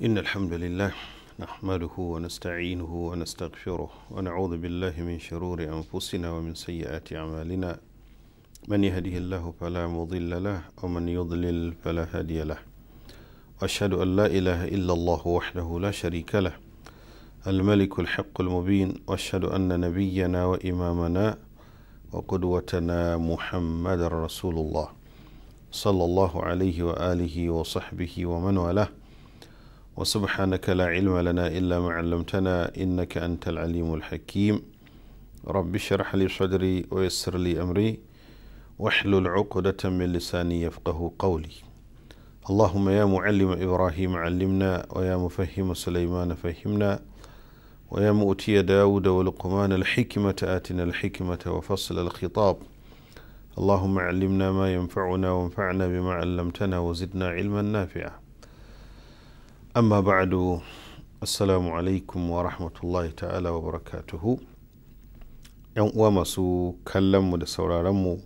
إن الحمد لله نحمده ونستعينه ونستغفره ونعوذ بالله من شرور أنفسنا ومن سيئات أعمالنا من يهده الله فلا مضل له ومن يضلل فلا هادي له أشهد أن لا إله إلا الله وحده لا شريك له الملك الحق المبين وأشهد أن نبينا وإمامنا وقدوتنا محمد رسول الله صلى الله عليه وآله وصحبه ومن والاه وسبحانك لا علم لنا إلا ما علمتنا إنك أنت العليم الحكيم رب اشرح لي صدري ويسر لي أمري واحلل عقدة من لساني يفقه قولي اللهم يا معلم إبراهيم علمنا ويا مفهم سليمان فهمنا ويا مؤتي داود ولقمان الحكمة آتنا الحكمة وفصل الخطاب اللهم علمنا ما ينفعنا وانفعنا بما علمتنا وزدنا علما نافعا amma ba'adu assalamu alaikum wa rahmatullahi ta'ala wa barakatuhu yan uwa masu kallonmu da sauraronmu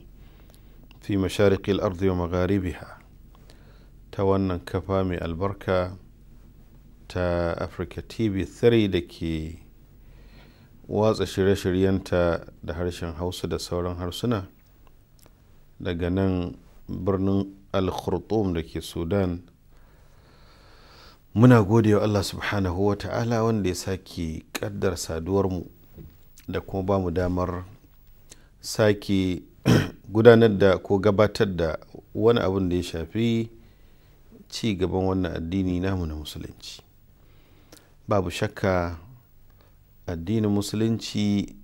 fi masharikil ardi wa magharibiha ta wannan kafa mai albarka ta africa tv 3 da ke watsa shirye-shiryenta da harshen hausa da sauran harsuna daga nan birnin al da ke sudan muna gode wa allah subhanahu wa ta'ala wanda ya sake kaddar mu da kuma ba mu damar sake gudanar da ko gabatar da wani abin da ya shafi ci gaban wannan addini namu na musulunci babu shakka addinin musulunci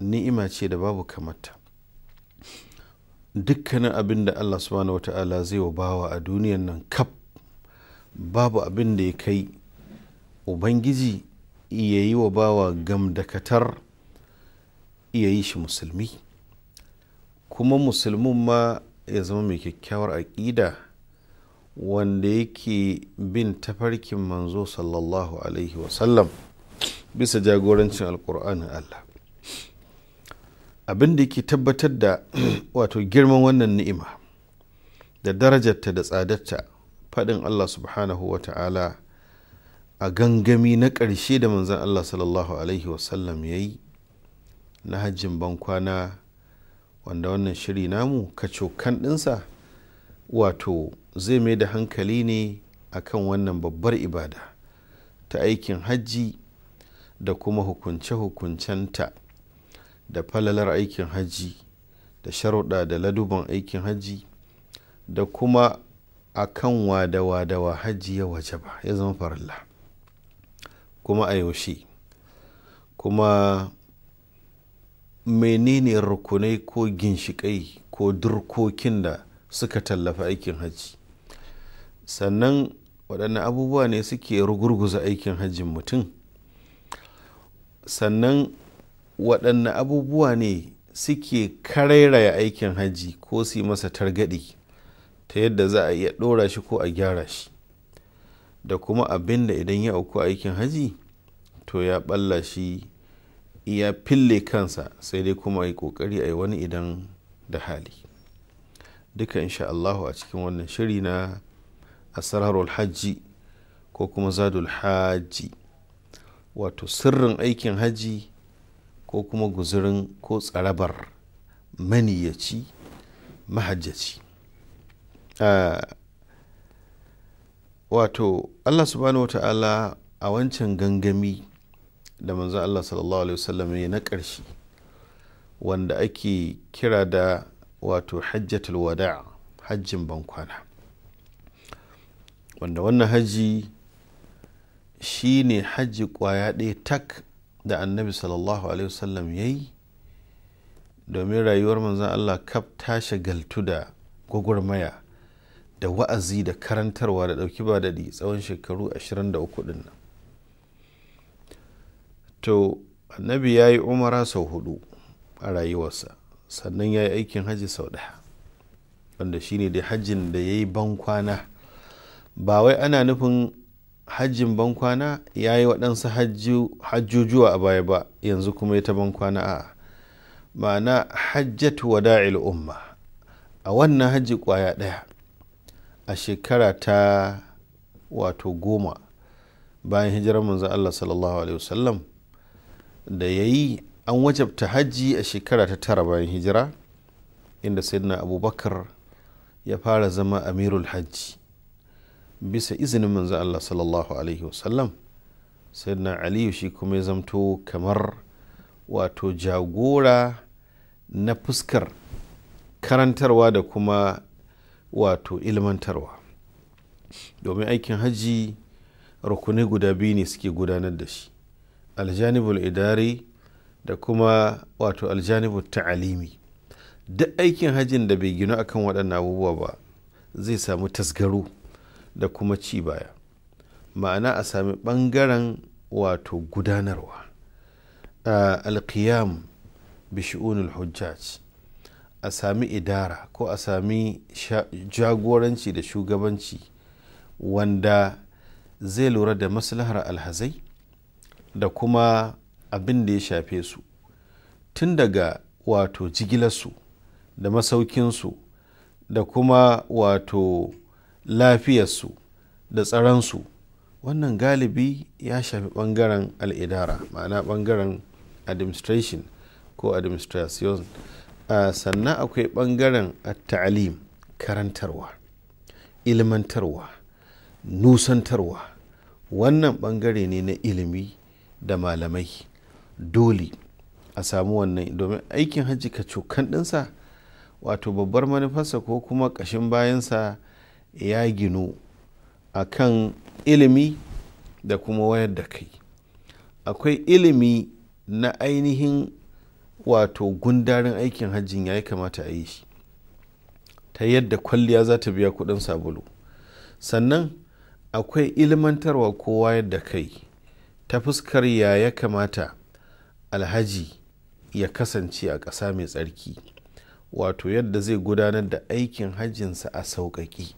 ni'ima ce da babu kamata dukkanin abin da allah subhanahu wa ta'ala zai wa bawa a duniyan nan kaf babu abin da ya kai ubangiji iya yi wa bawa gamdakatar iya yi shi musulmi kuma musulmin ma ya zama mai kyakkyawar aƙida wanda yake bin tafarkin manzo sallallahu alaihi wasallam bisa jagorancin alƙur'anin allah abin da yake tabbatar da wato girman wannan ni'ima da darajarta da tsadarta faɗin allah subhanahu wa ta'ala a gangami na ƙarshe da manzan allah sallallahu alaihi wasallam ya yi na hajjin bankwana wanda wannan shiri namu kacokan ɗinsa wato zai mai da hankali ne akan wannan babbar ibada ta aikin hajji da kuma hukunce-hukuncenta da falalar aikin hajji da sharuɗa da laduban aikin hajji da kuma a kan wada wa hajji ya waje ba ya zama farilla kuma a yaushe kuma menene rukunai ko ginshiƙai ko durkokin da suka tallafa aikin hajji sannan waɗanne abubuwa ne suke rugurguza aikin hajjin mutum sannan waɗanne abubuwa ne suke karairaya aikin hajji ko su yi masa targaɗi ta yadda za a iya ɗora shi ko a gyara shi da kuma abin da idan ya auku aikin haji to ya ɓalla shi ya fille kansa sai dai kuma yi ƙoƙari a yi wani idan da hali duka insha Allahu a cikin wannan shiri na asrarul hajji ko kuma zadul hajji wato sirrin aikin hajji ko kuma guzurin ko tsarabar maniyaci mahajjaci wato allah subhanahu wa ta'ala a wancan gangami da manzan allah sallallahu alaihi wasallam ya na ƙarshe wanda ake kira da wato hajjatul wada hajjin bankwana wanda wannan hajji shi ne hajji ƙwaya ɗaya tak da annabi sallallahu alaihi wasallam ya yi domin rayuwar manzan allah kaf ta shagaltu da gwagwarmaya da wa'azi da karantarwa da ɗauki ba daɗi tsawon shekaru 23 ɗin nan to annabi ya yi umara sau hudu a rayuwarsa sannan ya yi aikin hajji sau ɗaya wanda shine da hajjin da ya yi bankwana ba wai ana nufin hajjin bankwana ya yi waɗansu hajjujuwa a baya ba yanzu kuma ya ta bankwana a ma'ana hajjatu wada'il umma a wannan hajji kwaya ɗaya a shekara ta wato goma bayan hijirar manzan Allah sallallahu alaihi wasallam da ya yi an wajabta hajji a shekara ta tara bayan hijira inda sayyidina abubakar ya fara zama amirul hajji bisa izinin manzan Allah sallallahu alaihi wasallam sayyidina aliyu shi kuma ya zamto kamar wato jagora na fuskar karantarwa da kuma wato ilmantarwa domin aikin hajji rukunai guda biyu ne suke gudanar da shi aljanibul idari da kuma wato aljanibul ta'alimi duk aikin hajjin da bai ginu akan waɗannan abubuwa ba zai samu tasgaro da kuma ci baya ma'ana a sami ɓangaren wato gudanarwa ah, alkiyam bishi'unul hujjaj a sami idara ko a sami jagoranci da shugabanci wanda zai lura da maslahar alhazai da kuma abin da ya shafe su tun daga wato jigilarsu da masaukinsu da kuma wato lafiyarsu da tsaransu wannan galibi ya shafi bangaren al'idara ma'ana bangaren administration ko administration sannan akwai ɓangaren ta'alim karantarwa ilmantarwa nusantarwa wannan ɓangare ne na ilimi da malamai dole a samu wannan domin aikin hajji ka cokan ɗinsa wato babbar manufarsa ko kuma ƙashin bayansa ya ginu a kan ilimi da kuma wayar da kai akwai ilimi na ainihin wato gundarin aikin hajjin ya yi kamata a yi shi ta yadda kwalliya za ta biya kudin sabulu sannan akwai ilmantarwa kowa yadda kai ta fuskar ya ya kamata alhaji ya kasance a ƙasa mai tsarki wato yadda zai gudanar da aikin hajjinsa a sauƙaƙi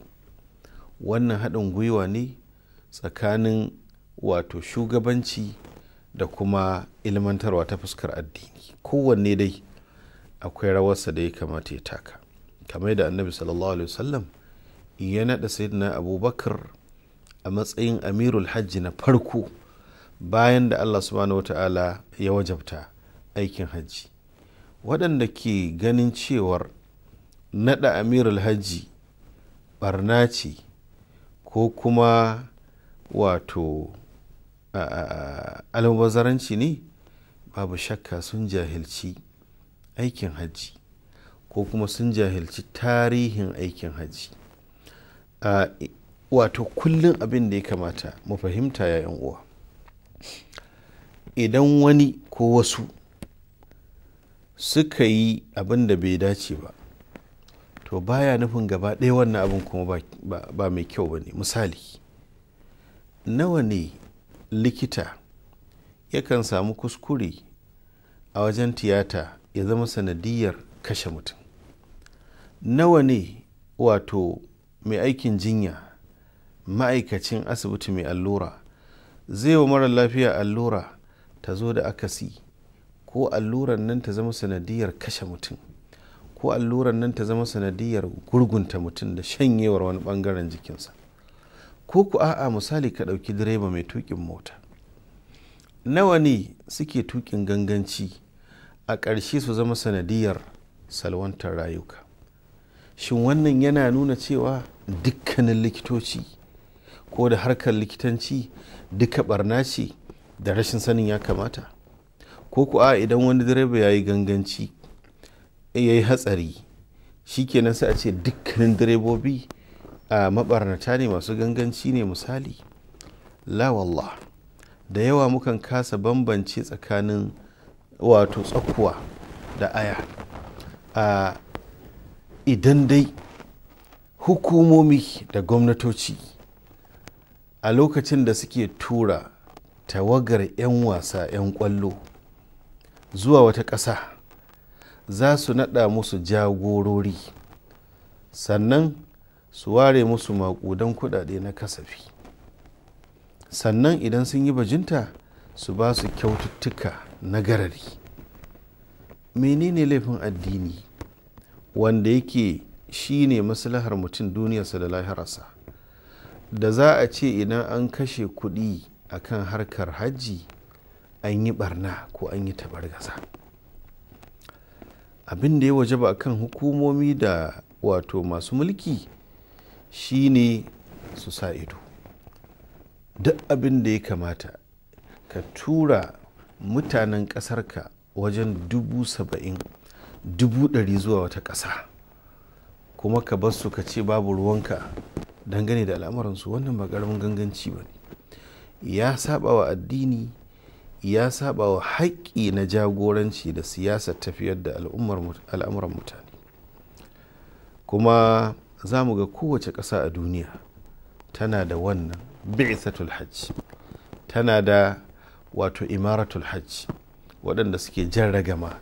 wannan haɗin gwiwa ne tsakanin wato shugabanci da kuma ilmantarwa ta fuskar addini kowanne dai akwai rawarsa da ya kamata ya taka kamar da annabi sallallahu alaihi wasallam ya naɗa sayyidina abubakar a matsayin amirul hajji na farko bayan da allah subhanahu wata'ala ya wajabta aikin hajji waɗanda ke ganin cewar naɗa amirul hajji barna ce ko kuma wato almubazaranci ne babu shakka sun jahilci aikin hajji ko kuma sun jahilci tarihin aikin hajji wato kullum abin da ya kamata mu fahimta yayan uwa idan wani ko wasu suka yi abin da bai dace ba to baya nufin gaba ɗaya wannan abin kuma ba mai kyau ba ne misali nawa ne likita yakan samu kuskure a wajen tiyata ya zama sanadiyar kashe mutum nawa ne wato mai aikin jinya ma'aikacin asibiti mai allura zai wa mara lafiya allura ta zo da akasi ko alluran nan ta zama sanadiyar kashe mutum ko alluran nan ta zama sanadiyar gurgunta mutum da shanyewar wani bangaren jikinsa ko ku a'a misali ka ɗauki direba mai tukin mota nawa ne suke tukin ganganci a ƙarshe su zama sanadiyar salwantar rayuka shin wannan yana nuna cewa dukkanin likitoci ko da harkar likitanci duka barna ce da rashin sanin ya kamata ko ku a idan wani direba ya yi ganganci ya yi hatsari shi shikenan sai a ce dukkanin direbobi A mabarnata ne masu ganganci ne misali la da yawa mukan kasa bambance tsakanin wato tsakuwa da aya a idan dai hukumomi da gwamnatoci a lokacin da suke tura tawagar 'yan wasa 'yan kwallo zuwa wata ƙasa za su naɗa musu jagorori sannan su ware musu maƙudan kuɗaɗe na kasafi sannan idan sun yi bajinta su ba su kyaututtuka na garari menene laifin addini wanda yake shi ne maslahar mutum duniyarsa da lahirarsa da za a ce idan an kashe kuɗi a kan harkar hajji an yi barna ko an yi tabargaza abin da ya waje ba kan hukumomi da wato masu mulki shine su sa ido duk abin da ya kamata ka tura mutanen ka wajen dubu saba'in dubu ɗari zuwa wata ƙasa kuma ka bar su ka ce babu ruwanka dangane da al'amuransu wannan ba ƙaramin ganganci ba ya saba wa addini ya saba wa haƙƙi na jagoranci da siyasar tafiyar da al'amuran mutane kuma za mu ga kowace ƙasa a duniya tana da wannan biisatul hajj tana da wato imaratul hajj waɗanda suke jan ragama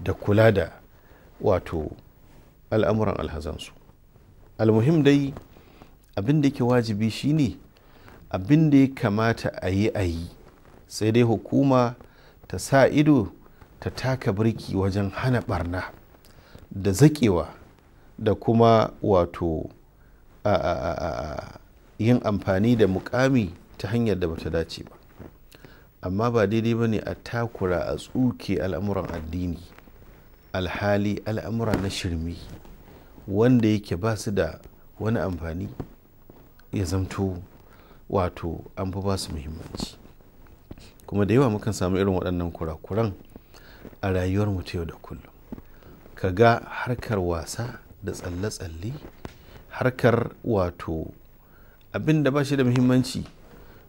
da kula da wato al'amuran alhazansu almuhim dai abin da yake wajibi shine abin da ya kamata a yi a yi sai dai hukuma ta sa ido ta taka birki wajen hana barna da zaƙewa da kuma wato a yin amfani da mukami ta hanyar da bata dace ba amma ba daidai ba ne a takura a tsuke al'amuran addini alhali al'amura na shirme wanda yake ba su da wani amfani ya zamto wato an fi ba su muhimmanci kuma da yawa mukan samu irin waɗannan kurakuran a rayuwar mu ta yau da kullum ka ga harkar wasa da tsalle-tsalle harkar wato abin da ba shi da muhimmanci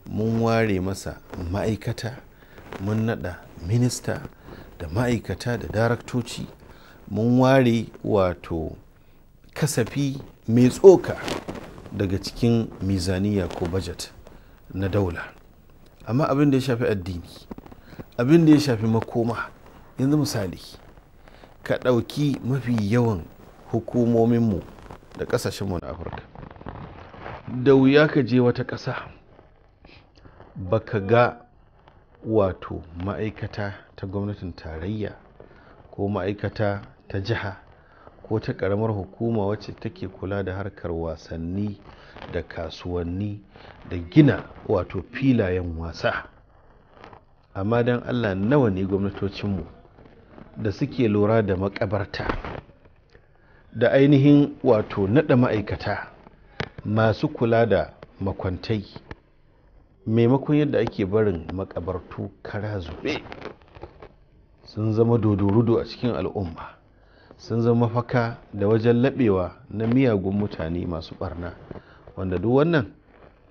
mun ware masa ma'aikata mun nada minista da ma'aikata da daraktoci mun ware wato kasafi mai tsoka daga cikin mizaniya ko bajet na daula amma abin da ya shafi addini abin da ya shafi makoma yanzu misali ka ɗauki mafi yawan hukumominmu da ƙasashenmu na afirka da wuya ka je wata ƙasa baka ga wato ma'aikata ta gwamnatin tarayya ko ma'aikata ta jiha ko ta ƙaramar hukuma wacce take kula da harkar wasanni da kasuwanni da gina wato filayen wasa amma don allah nawa ne gwamnatocinmu da suke lura da makabarta da ainihin wato naɗa ma'aikata masu kula da makwantai maimakon yadda ake barin makabartu kara zube sun zama dodorudo a cikin al'umma sun zama mafaka da wajen labewa na miyagun mutane masu barna wanda duk wannan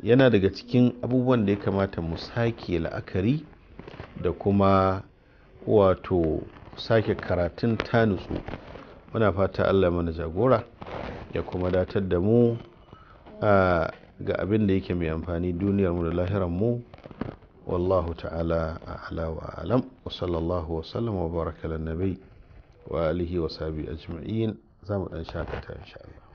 yana daga cikin abubuwan da ya kamata mu sake la'akari da kuma wato sake karatun ta nutsu muna fata allah mana jagora ya kuma datar da mu ga abin da yake mai amfani duniyar mu da mu wallahu ta'ala a alawa alam wa sallallahu wa sallam wa baraka nabi wa alihi wa a ajma'in za mu dan shakata insha Allah